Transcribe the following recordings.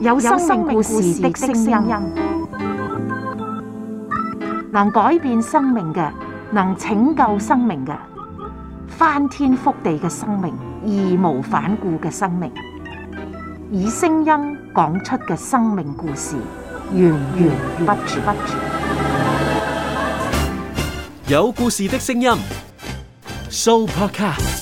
有生命故事的聲音，能改變生命嘅，能拯救生命嘅，翻天覆地嘅生命，義無反顧嘅生命，以聲音講出嘅生命故事，源源不絕。有故事的聲音，Soul Podcast。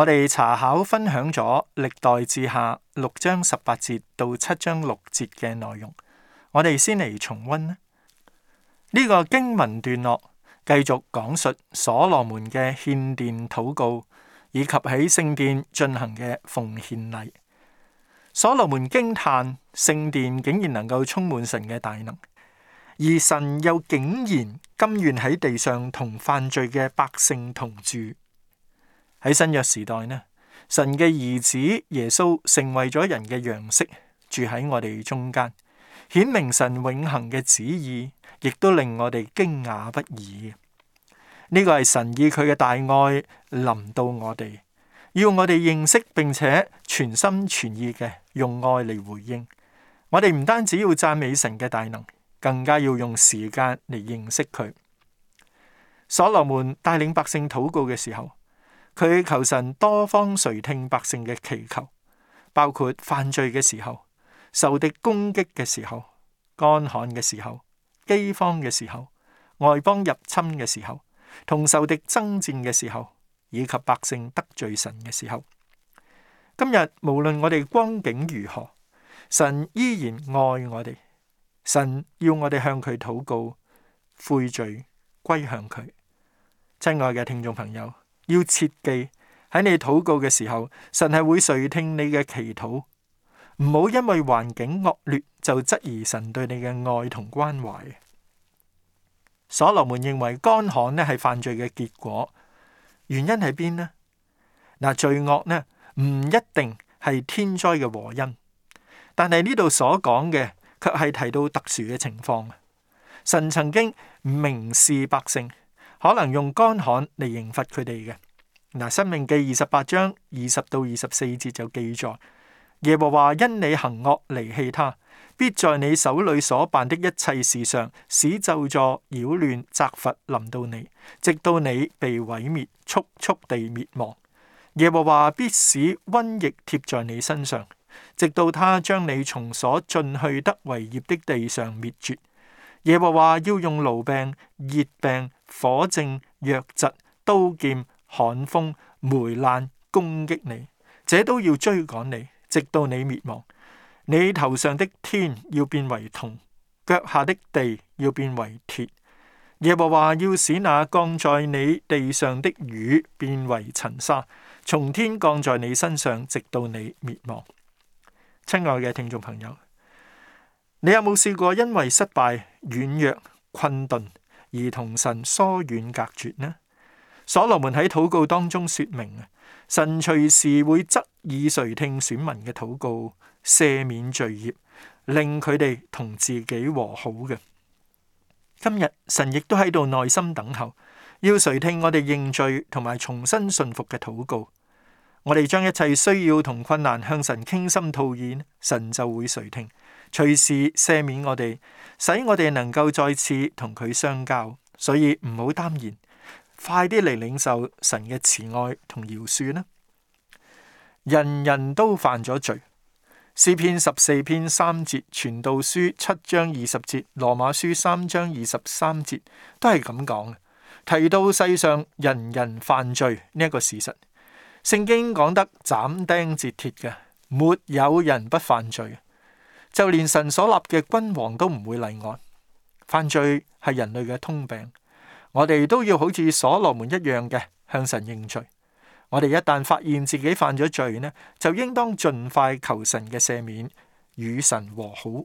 我哋查考分享咗歷代志下六章十八節到七章六節嘅內容，我哋先嚟重溫呢、這個經文段落，繼續講述所羅門嘅獻殿禱告，以及喺聖殿進行嘅奉獻禮。所羅門驚嘆聖殿竟然能夠充滿神嘅大能，而神又竟然甘願喺地上同犯罪嘅百姓同住。喺新約時代呢，神嘅兒子耶穌成為咗人嘅樣式，住喺我哋中間，顯明神永恒嘅旨意，亦都令我哋驚訝不已。呢個係神以佢嘅大愛臨到我哋，要我哋認識並且全心全意嘅用愛嚟回應。我哋唔單止要讚美神嘅大能，更加要用時間嚟認識佢。所羅門帶領百姓禱告嘅時候。佢求神多方垂聽百姓嘅祈求，包括犯罪嘅時候、受敵攻擊嘅時候、乾旱嘅時候、饑荒嘅時候、外邦入侵嘅時候、同受敵爭戰嘅時候，以及百姓得罪神嘅時候。今日無論我哋光景如何，神依然愛我哋。神要我哋向佢禱告，悔罪，歸向佢。親愛嘅聽眾朋友。要切記喺你禱告嘅時候，神係會垂聽你嘅祈禱。唔好因為環境惡劣就質疑神對你嘅愛同關懷。所羅門認為乾旱呢係犯罪嘅結果，原因喺邊呢？嗱，罪惡呢唔一定係天災嘅禍因，但係呢度所講嘅卻係提到特殊嘅情況。神曾經明示百姓。可能用乾旱嚟刑罰佢哋嘅。嗱，《生命記》二十八章二十到二十四節就記載：耶和華因你行惡離棄他，必在你手裏所辦的一切事上使咒詛擾亂責罰臨到你，直到你被毀滅，速速地滅亡。耶和華必使瘟疫貼在你身上，直到他將你從所進去得為業的地上滅絕。耶和華要用癆病、熱病。火症、瘧疾、刀劍、旱風、霉爛攻擊你，這都要追趕你，直到你滅亡。你頭上的天要變為銅，腳下的地要變為鐵。耶和華要使那降在你地上的雨變為塵沙，從天降在你身上，直到你滅亡。親愛嘅聽眾朋友，你有冇試過因為失敗、軟弱、困頓？而同神疏遠隔絕呢？所羅門喺禱告當中說明啊，神隨時會擇意垂聽選民嘅禱告，赦免罪孽，令佢哋同自己和好嘅。今日神亦都喺度耐心等候，要垂聽我哋認罪同埋重新信服嘅禱告。我哋將一切需要同困難向神傾心吐意，神就會垂聽。隨時赦免我哋，使我哋能夠再次同佢相交。所以唔好耽延，快啲嚟領受神嘅慈愛同饒恕啦！人人都犯咗罪，詩篇十四篇三節、傳道書七章二十節、羅馬書三章二十三節都係咁講嘅，提到世上人人犯罪呢一個事實，聖經講得斬釘截鐵嘅，沒有人不犯罪。就連神所立嘅君王都唔會例外，犯罪係人類嘅通病。我哋都要好似所羅門一樣嘅向神認罪。我哋一旦發現自己犯咗罪呢，就應當盡快求神嘅赦免，與神和好。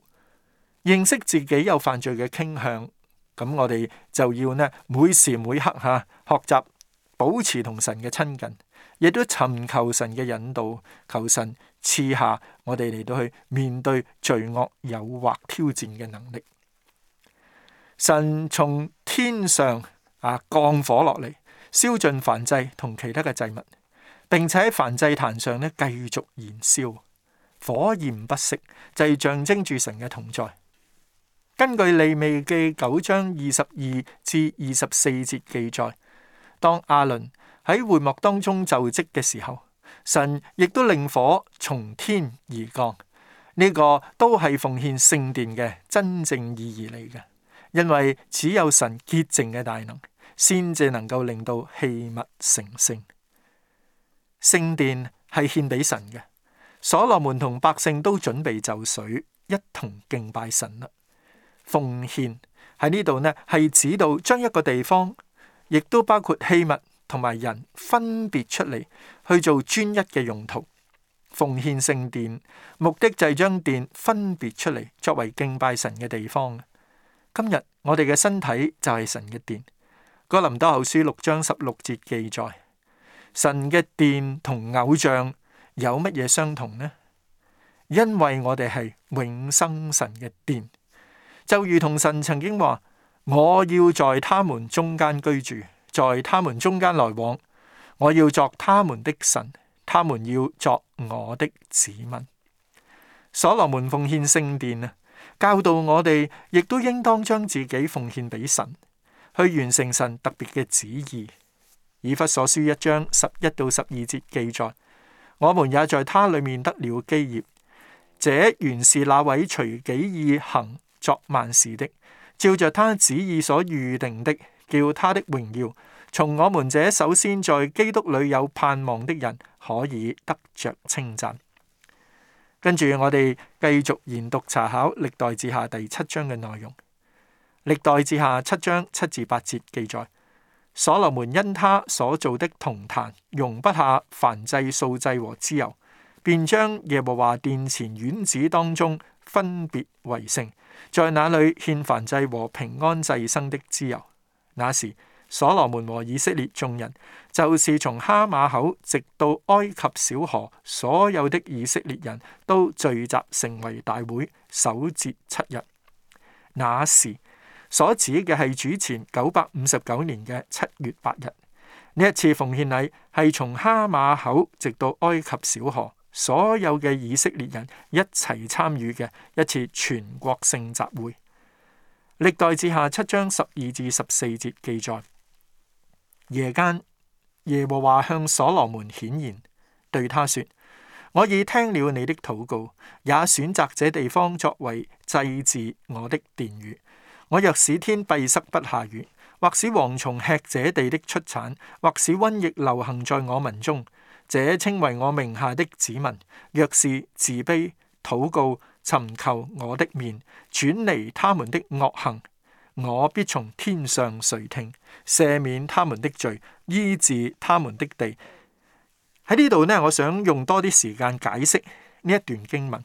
認識自己有犯罪嘅傾向，咁我哋就要呢每時每刻吓學習保持同神嘅親近。亦都尋求神嘅引導，求神賜下我哋嚟到去面對罪惡、誘惑、挑戰嘅能力。神從天上啊降火落嚟，燒盡燔祭同其他嘅祭物，並且喺燔祭壇上咧繼續燃燒，火焰不熄，就係、是、象徵住神嘅同在。根據利未記九章二十二至二十四節記載，當阿倫，喺會幕當中就職嘅時候，神亦都令火從天而降。呢、這個都係奉獻聖殿嘅真正意義嚟嘅，因為只有神潔淨嘅大能，先至能夠令到器物成聖。聖殿係獻俾神嘅，所羅門同百姓都準備就緒，一同敬拜神啦。奉獻喺呢度呢，係指到將一個地方，亦都包括器物。同埋人分別出嚟去做專一嘅用途，奉獻聖殿，目的就係將殿分別出嚟作為敬拜神嘅地方。今日我哋嘅身體就係神嘅殿。哥林多後書六章十六節記載，神嘅殿同偶像有乜嘢相同呢？因為我哋係永生神嘅殿，就如同神曾經話：我要在他們中間居住。在他們中間來往，我要作他們的神，他們要作我的子民。所羅門奉獻聖殿啊，教導我哋，亦都應當將自己奉獻俾神，去完成神特別嘅旨意。以弗所書一章十一到十二節記載，我們也在他裏面得了基業，這原是那位隨己意行作萬事的，照着他旨意所預定的。叫他的榮耀，從我們這首先在基督裏有盼望的人可以得着稱讚。跟住我哋繼續研讀查考歷代志下第七章嘅內容。歷代志下七章七至八節記載：所羅門因他所造的銅壇容不下燔祭、素祭和脂油，便將耶和華殿前院子當中分別為聖，在那裏獻燔祭和平安祭牲的脂油。那時，所羅門和以色列眾人，就是從哈馬口直到埃及小河，所有的以色列人都聚集成為大會，守節七日。那時所指嘅係主前九百五十九年嘅七月八日。呢一次奉獻禮係從哈馬口直到埃及小河，所有嘅以色列人一齊參與嘅一次全國性集會。歷代志下七章十二至十四節記載：夜間耶和華向所羅門顯現，對他說：我已聽了你的禱告，也選擇這地方作為祭祀我的殿宇。我若使天閉塞不下雨，或使蝗蟲吃這地的出產，或使瘟疫流行在我民中，這稱為我名下的子民，若是自卑禱告。尋求我的面，轉離他們的惡行，我必從天上垂聽，赦免他們的罪，醫治他們的地。喺呢度咧，我想用多啲時間解釋呢一段經文，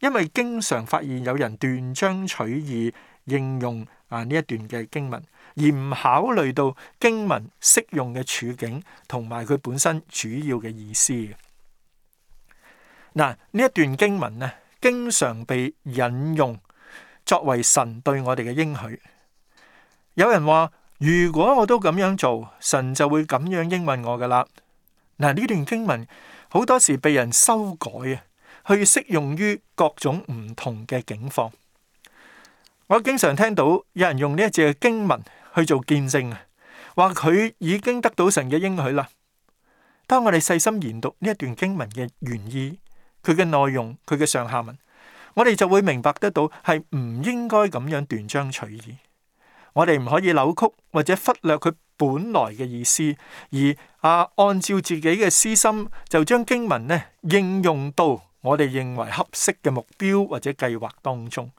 因為經常發現有人斷章取義應用啊呢一段嘅經文，而唔考慮到經文適用嘅處境，同埋佢本身主要嘅意思。嗱，呢一段經文咧。經常被引用作為神對我哋嘅應許。有人話：如果我都咁樣做，神就會咁樣應允我噶啦。嗱，呢段經文好多時被人修改啊，去適用於各種唔同嘅境況。我經常聽到有人用呢一隻經文去做見證啊，話佢已經得到神嘅應許啦。當我哋細心研讀呢一段經文嘅原意。佢嘅內容，佢嘅上下文，我哋就會明白得到係唔應該咁樣斷章取義。我哋唔可以扭曲或者忽略佢本來嘅意思，而啊，按照自己嘅私心就將經文呢應用到我哋認為合適嘅目標或者計劃當中。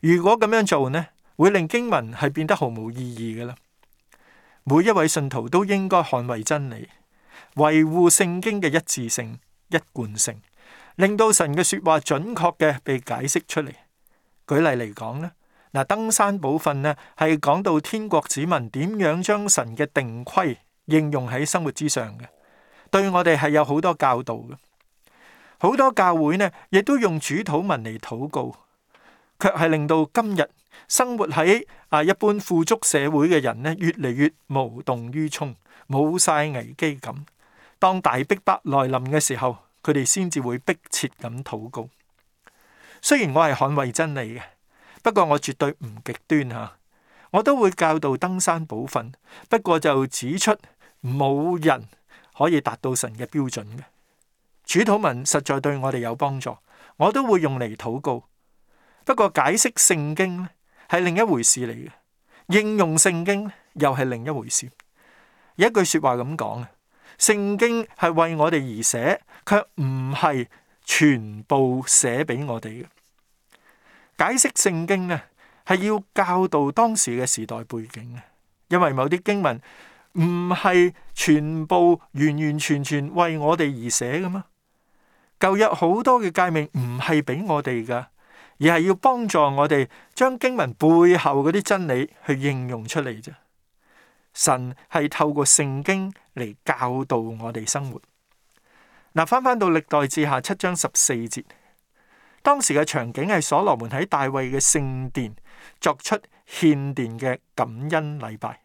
如果咁樣做呢，會令經文係變得毫無意義嘅啦。每一位信徒都應該捍衛真理，維護聖經嘅一致性、一貫性。令到神嘅說話準確嘅被解釋出嚟。舉例嚟講咧，嗱，登山寶訓呢係講到天國子民點樣將神嘅定規應用喺生活之上嘅，對我哋係有好多教導嘅。好多教會呢亦都用主禱文嚟禱告，卻係令到今日生活喺啊一般富足社會嘅人呢越嚟越無動於衷，冇晒危機感。當大逼迫來臨嘅時候。佢哋先至會迫切咁禱告。雖然我係捍衛真理嘅，不過我絕對唔極端吓。我都會教導登山寶訓，不過就指出冇人可以達到神嘅標準嘅。主禱文實在對我哋有幫助，我都會用嚟禱告。不過解釋聖經咧係另一回事嚟嘅，應用聖經又係另一回事。有一,一句話說話咁講啊，聖經係為我哋而寫。卻唔係全部寫俾我哋嘅。解釋聖經咧，係要教導當時嘅時代背景嘅。因為某啲經文唔係全部完完全全為我哋而寫嘅嗎？舊約好多嘅誡命唔係俾我哋噶，而係要幫助我哋將經文背後嗰啲真理去應用出嚟啫。神係透過聖經嚟教導我哋生活。嗱，翻返到歷代志下七章十四節，當時嘅場景係所羅門喺大衛嘅聖殿作出獻殿嘅感恩禮拜。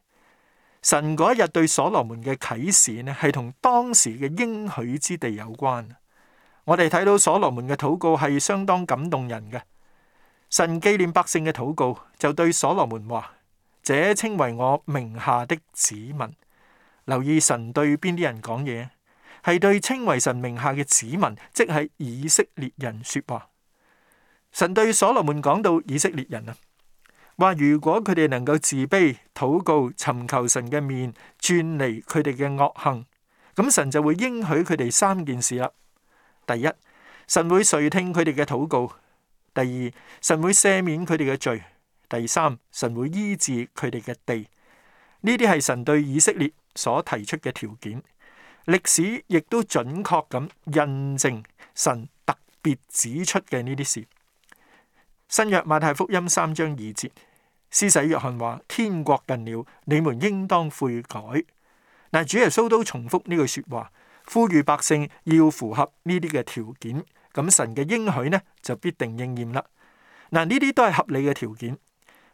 神嗰日對所羅門嘅啟示呢，係同當時嘅應許之地有關。我哋睇到所羅門嘅禱告係相當感動人嘅。神紀念百姓嘅禱告，就對所羅門話：「這稱為我名下的子民。留意神對邊啲人講嘢。係對稱為神名下嘅子民，即係以色列人說話。神對所羅門講到以色列人啊，話如果佢哋能夠自卑禱告、尋求神嘅面，轉離佢哋嘅惡行，咁神就會應許佢哋三件事啦。第一，神會垂聽佢哋嘅禱告；第二，神會赦免佢哋嘅罪；第三，神會醫治佢哋嘅地。呢啲係神對以色列所提出嘅條件。歷史亦都準確咁印證神特別指出嘅呢啲事。新約馬太福音三章二節，施洗約翰話：天國近了，你們應當悔改。嗱，主耶穌都重複呢句說話，呼籲百姓要符合呢啲嘅條件。咁神嘅應許呢，就必定應驗啦。嗱，呢啲都係合理嘅條件。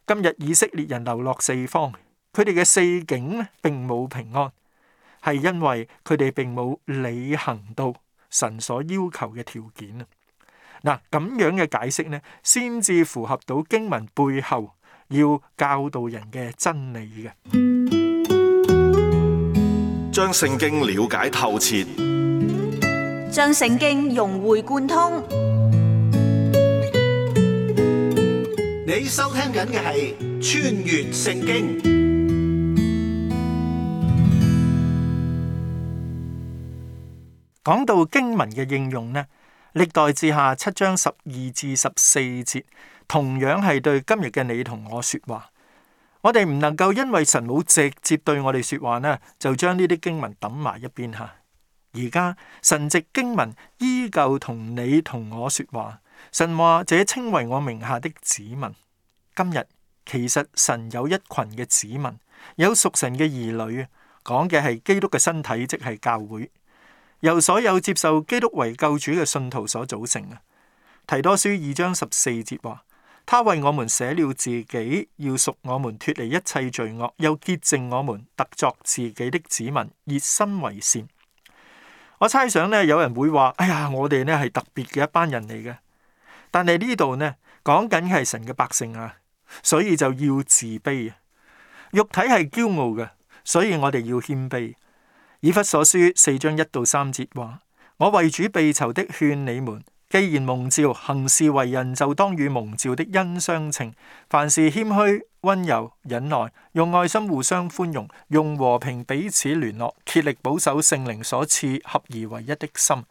今日以色列人流落四方，佢哋嘅四境呢，並冇平安。係因為佢哋並冇履行到神所要求嘅條件啊！嗱，咁樣嘅解釋呢，先至符合到經文背後要教導人嘅真理嘅。將聖經了解透徹，將聖經融會貫通。你收聽緊嘅係《穿越聖經》。講到經文嘅應用呢，歷代志下七章十二至十四節，同樣係對今日嘅你同我說話。我哋唔能夠因爲神冇直接對我哋說話呢，就將呢啲經文抌埋一邊吓。而家神藉經文依舊同你同我說話。神話這稱爲我名下的子民。今日其實神有一群嘅子民，有屬神嘅兒女，講嘅係基督嘅身體，即係教會。由所有接受基督為救主嘅信徒所組成啊！提多書二章十四節話：他為我們捨了自己，要贖我們，脱離一切罪惡，又潔淨我們，特作自己的子民，熱心為善。我猜想咧，有人會話：哎呀，我哋咧係特別嘅一班人嚟嘅。但係呢度咧，講緊係神嘅百姓啊，所以就要自卑啊。肉體係驕傲嘅，所以我哋要謙卑。以弗所書四章一到三節話：我為主被囚的勸你們，既然蒙召行事為人，就當與蒙召的恩相稱。凡事謙虛、溫柔、忍耐，用愛心互相寬容，用和平彼此聯絡，竭力保守聖靈所賜合而為一的心。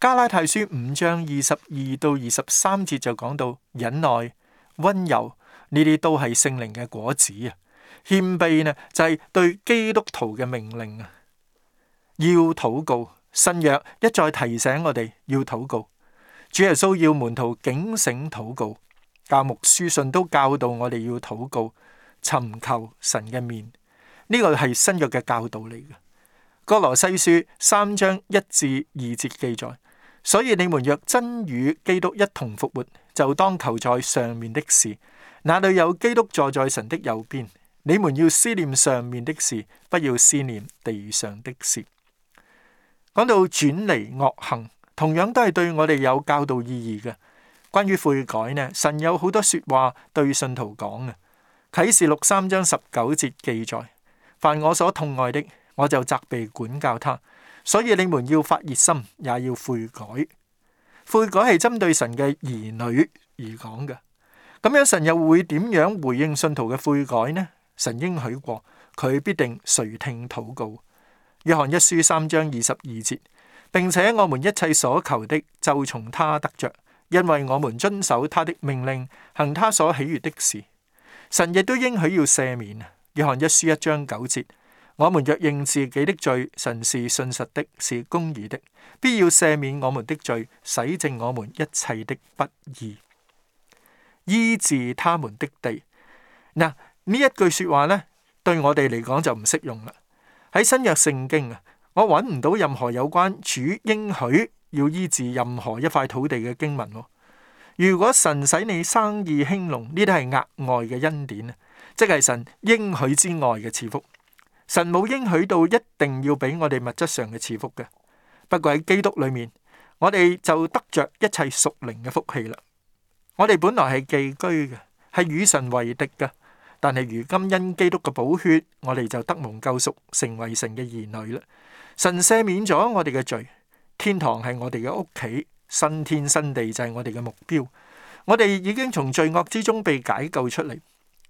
加拉太書五章二十二到二十三節就講到忍耐、溫柔呢啲都係聖靈嘅果子啊。謙卑呢就係對基督徒嘅命令啊。要禱告，新約一再提醒我哋要禱告。主耶穌要門徒警醒禱告，教牧書信都教導我哋要禱告、尋求神嘅面。呢個係新約嘅教導嚟嘅。哥羅西書三章一至二節記載，所以你們若真與基督一同復活，就當求在上面的事。那裏有基督坐在神的右邊，你們要思念上面的事，不要思念地上的事。講到轉離惡行，同樣都係對我哋有教導意義嘅。關於悔改呢，神有好多說話對信徒講嘅。啟示錄三章十九節記載：凡我所痛愛的，我就責備管教他。所以你們要發熱心，也要悔改。悔改係針對神嘅兒女而講嘅。咁樣神又會點樣回應信徒嘅悔改呢？神應許過，佢必定垂聽禱告。約翰一書三章二十二節，並且我們一切所求的就從他得着，因為我們遵守他的命令，行他所喜悅的事。神亦都應許要赦免。約翰一書一章九節，我們若認自己的罪，神是信實的，是公義的，必要赦免我們的罪，洗淨我們一切的不義，醫治他們的地。嗱，呢一句說話咧，對我哋嚟講就唔適用啦。喺新約聖經啊，我揾唔到任何有關主應許要醫治任何一塊土地嘅經文。如果神使你生意興隆，呢啲係額外嘅恩典啊，即係神應許之外嘅賜福。神冇應許到一定要俾我哋物質上嘅賜福嘅。不過喺基督裏面，我哋就得着一切屬靈嘅福氣啦。我哋本來係寄居嘅，係與神為敵嘅。但係如今因基督嘅寶血，我哋就得蒙救贖，成為神嘅兒女啦。神赦免咗我哋嘅罪，天堂係我哋嘅屋企，新天新地就係我哋嘅目標。我哋已經從罪惡之中被解救出嚟，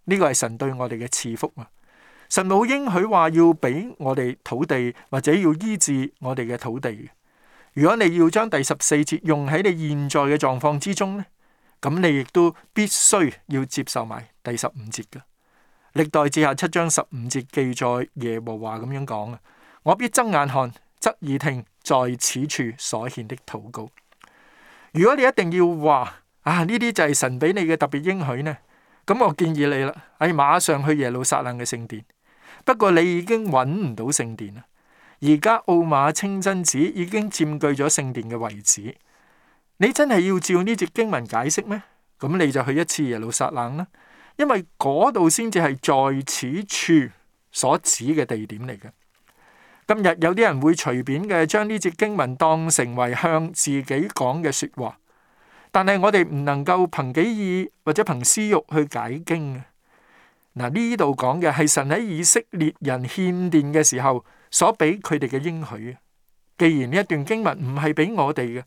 呢個係神對我哋嘅賜福啊！神冇應許話要俾我哋土地，或者要醫治我哋嘅土地。如果你要將第十四節用喺你現在嘅狀況之中咧，咁你亦都必須要接受埋第十五節噶。歷代志下七章十五節記載耶和華咁樣講：我必睜眼看，側耳聽，在此處所獻的禱告。如果你一定要話啊，呢啲就係神俾你嘅特別應許呢，咁我建議你啦，哎馬上去耶路撒冷嘅聖殿。不過你已經揾唔到聖殿啦，而家奧馬清真寺已經佔據咗聖殿嘅位置。你真係要照呢隻經文解釋咩？咁你就去一次耶路撒冷啦。因為嗰度先至係在此處所指嘅地點嚟嘅。今日有啲人會隨便嘅將呢節經文當成為向自己講嘅說話，但係我哋唔能夠憑己意或者憑私欲去解經啊！嗱，呢度講嘅係神喺以色列人獻殿嘅時候所俾佢哋嘅應許。既然呢一段經文唔係俾我哋嘅，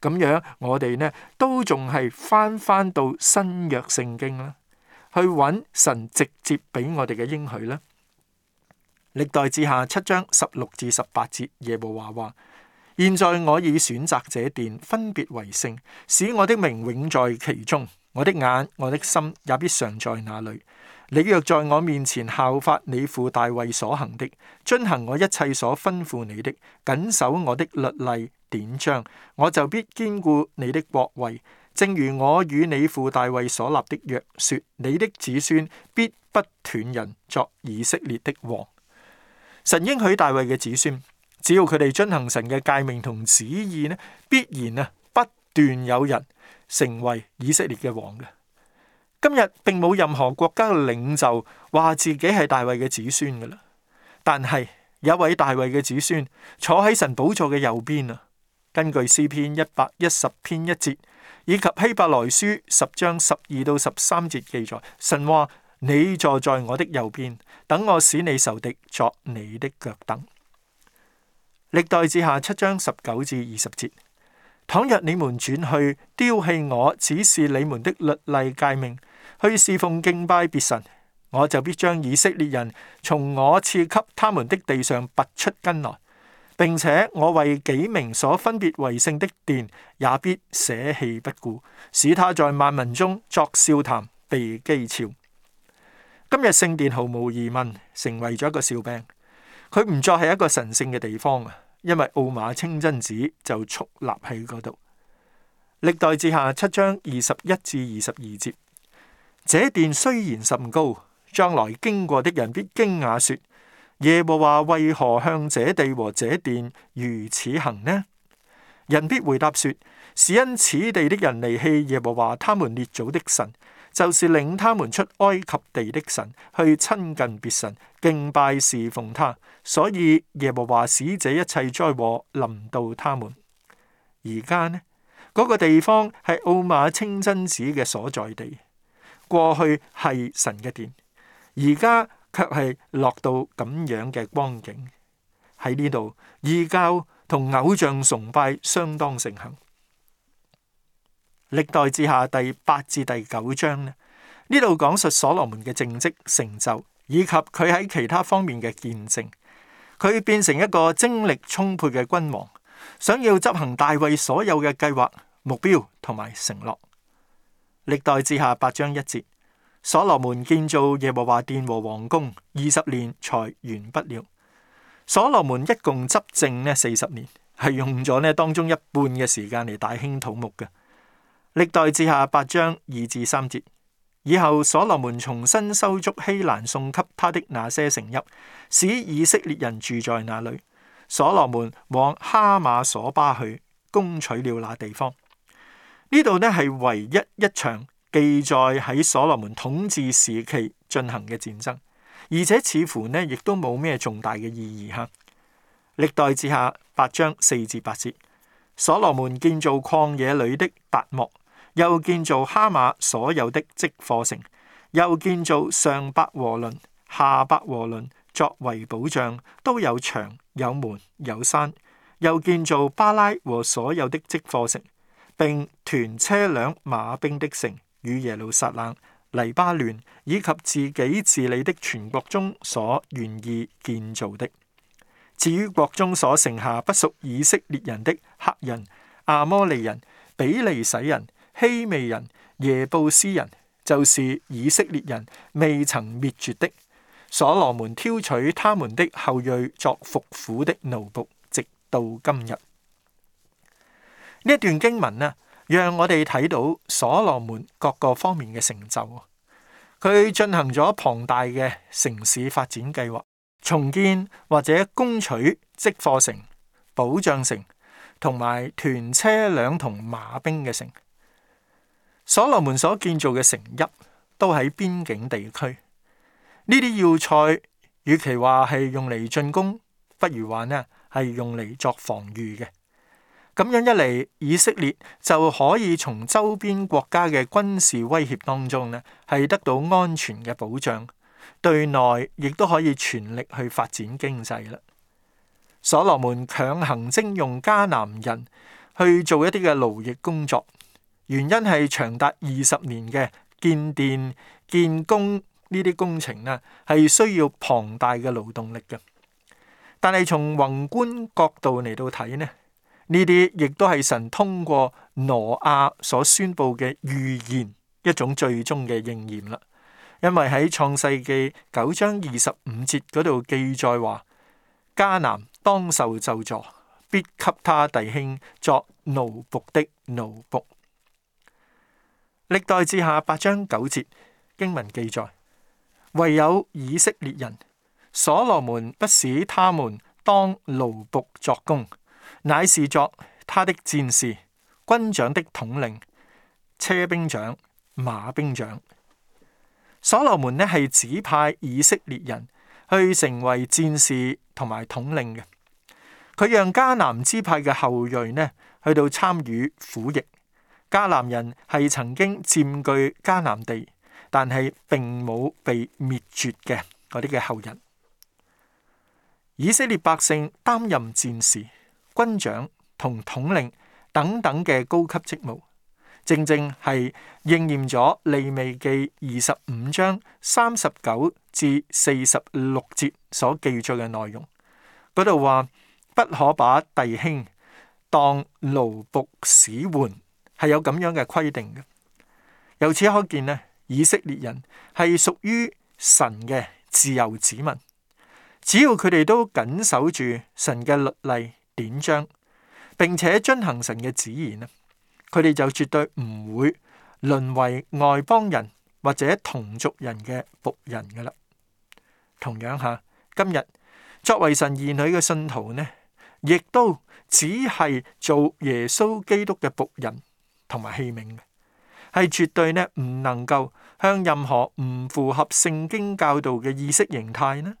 咁樣我哋呢都仲係翻翻到新約聖經啦。去揾神直接俾我哋嘅應許咧。歷代志下七章十六至十八節，耶和華話：現在我已選擇這殿，分別為聖，使我的名永在其中，我的眼、我的心也必常在那裏。你若在我面前效法你父大衛所行的，遵行我一切所吩咐你的，謹守我的律例典章，我就必堅固你的國位。正如我與你父大衛所立的約，說你的子孫必不斷人作以色列的王。神應許大衛嘅子孫，只要佢哋遵行神嘅誡命同旨意咧，必然啊不斷有人成為以色列嘅王嘅。今日並冇任何國家領袖話自己係大衛嘅子孫噶啦，但係有一位大衛嘅子孫坐喺神寶座嘅右邊啊。根據詩篇一百一十篇一節以及希伯來書十章十二到十三節記載，神話，你坐在我的右邊，等我使你仇敵作你的腳凳。歷代志下七章十九至二十節：倘若你們轉去丟棄我，指示你們的律例誡命，去侍奉敬拜別神，我就必將以色列人從我賜給他們的地上拔出根來。並且我為幾名所分別為聖的殿，也必捨棄不顧，使他在萬民中作笑談、被譏誚。今日聖殿毫無疑問成為咗一個笑柄，佢唔再係一個神聖嘅地方啊！因為奧馬清真寺就矗立喺嗰度。歷代志下七章二十一至二十二節，這殿雖然甚高，將來經過的人必驚訝說。耶和華為何向這地和這殿如此行呢？人必回答說：是因此地的人離棄耶和華他們列祖的神，就是領他們出埃及地的神，去親近別神敬拜侍奉他，所以耶和華使這一切災禍臨到他們。而家呢？嗰個地方係奧馬清真寺嘅所在地，過去係神嘅殿，而家。卻係落到咁樣嘅光景喺呢度，異教同偶像崇拜相當盛行。歷代志下第八至第九章呢？呢度講述所羅門嘅政績成就，以及佢喺其他方面嘅見證。佢變成一個精力充沛嘅君王，想要執行大衛所有嘅計劃、目標同埋承諾。歷代志下八章一節。所羅門建造耶和華殿和王宮，二十年才完不了。所羅門一共執政呢四十年，係用咗呢當中一半嘅時間嚟大興土木嘅。歷代志下八章二至三節，以後所羅門重新修築希蘭送給他的那些城邑，使以色列人住在那裏。所羅門往哈馬所巴去，攻取了那地方。呢度呢係唯一一場。記載喺所羅門統治時期進行嘅戰爭，而且似乎呢，亦都冇咩重大嘅意義吓。歷代志下八章四至八節，所羅門建造曠野裏的達莫，又建造哈馬所有的積貨城，又建造上伯和倫、下伯和倫作為保障，都有牆、有門、有山，又建造巴拉和所有的積貨城，並屯車輛馬兵的城。與耶路撒冷、黎巴嫩以及自己治理的全國中所願意建造的。至於國中所剩下不屬以色列人的赫人、亞摩利人、比利洗人、希未人、耶布斯人，就是以色列人未曾滅絕的，所羅門挑取他們的後裔作服苦的奴僕，直到今日。呢段經文呢、啊？讓我哋睇到所羅門各個方面嘅成就，佢進行咗龐大嘅城市發展計劃，重建或者攻取積貨城、保障城，同埋屯車輛同馬兵嘅城。所羅門所建造嘅城邑都喺邊境地區，呢啲要塞與其話係用嚟進攻，不如話呢係用嚟作防禦嘅。咁樣一嚟，以色列就可以從周邊國家嘅軍事威脅當中呢，係得到安全嘅保障，對內亦都可以全力去發展經濟啦。所羅門強行徵用迦南人去做一啲嘅勞役工作，原因係長達二十年嘅建電、建工呢啲工程呢，係需要龐大嘅勞動力嘅。但係從宏觀角度嚟到睇呢。呢啲亦都係神通過挪亞所宣布嘅預言一種最終嘅應驗啦，因為喺創世記九章二十五節嗰度記載話，迦南當受咒詛，必給他弟兄作奴僕的奴僕。歷代志下八章九節經文記載，唯有以色列人所羅門不使他們當奴僕作工。乃是作他的戰士、軍長的統領、車兵長、馬兵長。所羅門呢係指派以色列人去成為戰士同埋統領嘅。佢讓迦南支派嘅後裔呢去到參與苦役。迦南人係曾經佔據迦南地，但係並冇被滅絕嘅嗰啲嘅後人。以色列百姓擔任戰士。軍長同統領等等嘅高級職務，正正係應驗咗《利未記》二十五章三十九至四十六節所記載嘅內容。嗰度話不可把弟兄當奴僕使喚，係有咁樣嘅規定嘅。由此可見咧，以色列人係屬於神嘅自由子民，只要佢哋都緊守住神嘅律例。典章，並且遵行神嘅旨意呢，佢哋就絕對唔會淪為外邦人或者同族人嘅僕人噶啦。同樣吓，今日作為神兒女嘅信徒呢，亦都只係做耶穌基督嘅僕人同埋器皿嘅，係絕對呢唔能夠向任何唔符合聖經教導嘅意識形態呢、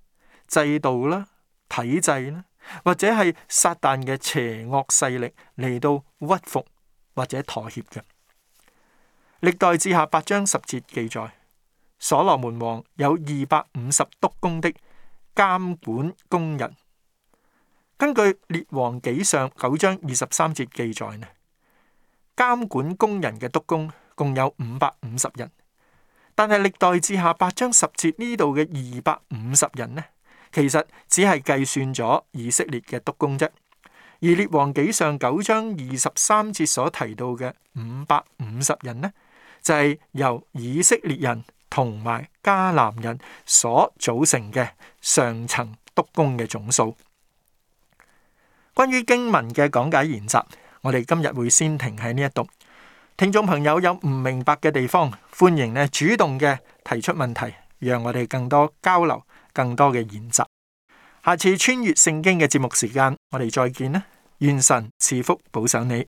制度啦、體制呢。或者係撒旦嘅邪惡勢力嚟到屈服或者妥協嘅。歷代志下八章十節記載，所羅門王有二百五十督工的監管工人。根據列王紀上九章二十三節記載呢，監管工人嘅督工共有五百五十人，但係歷代志下八章十節呢度嘅二百五十人呢？其實只係計算咗以色列嘅督工啫，而列王紀上九章二十三節所提到嘅五百五十人呢，就係由以色列人同埋迦南人所組成嘅上層督工嘅總數。關於經文嘅講解研習，我哋今日會先停喺呢一度。聽眾朋友有唔明白嘅地方，歡迎呢主動嘅提出問題，讓我哋更多交流。更多嘅演習，下次穿越聖經嘅節目時間，我哋再見啦！願神賜福保賞你。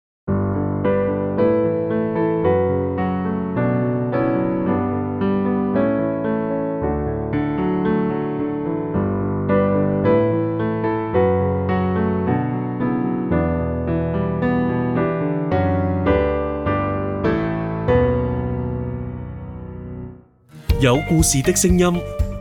有故事的聲音。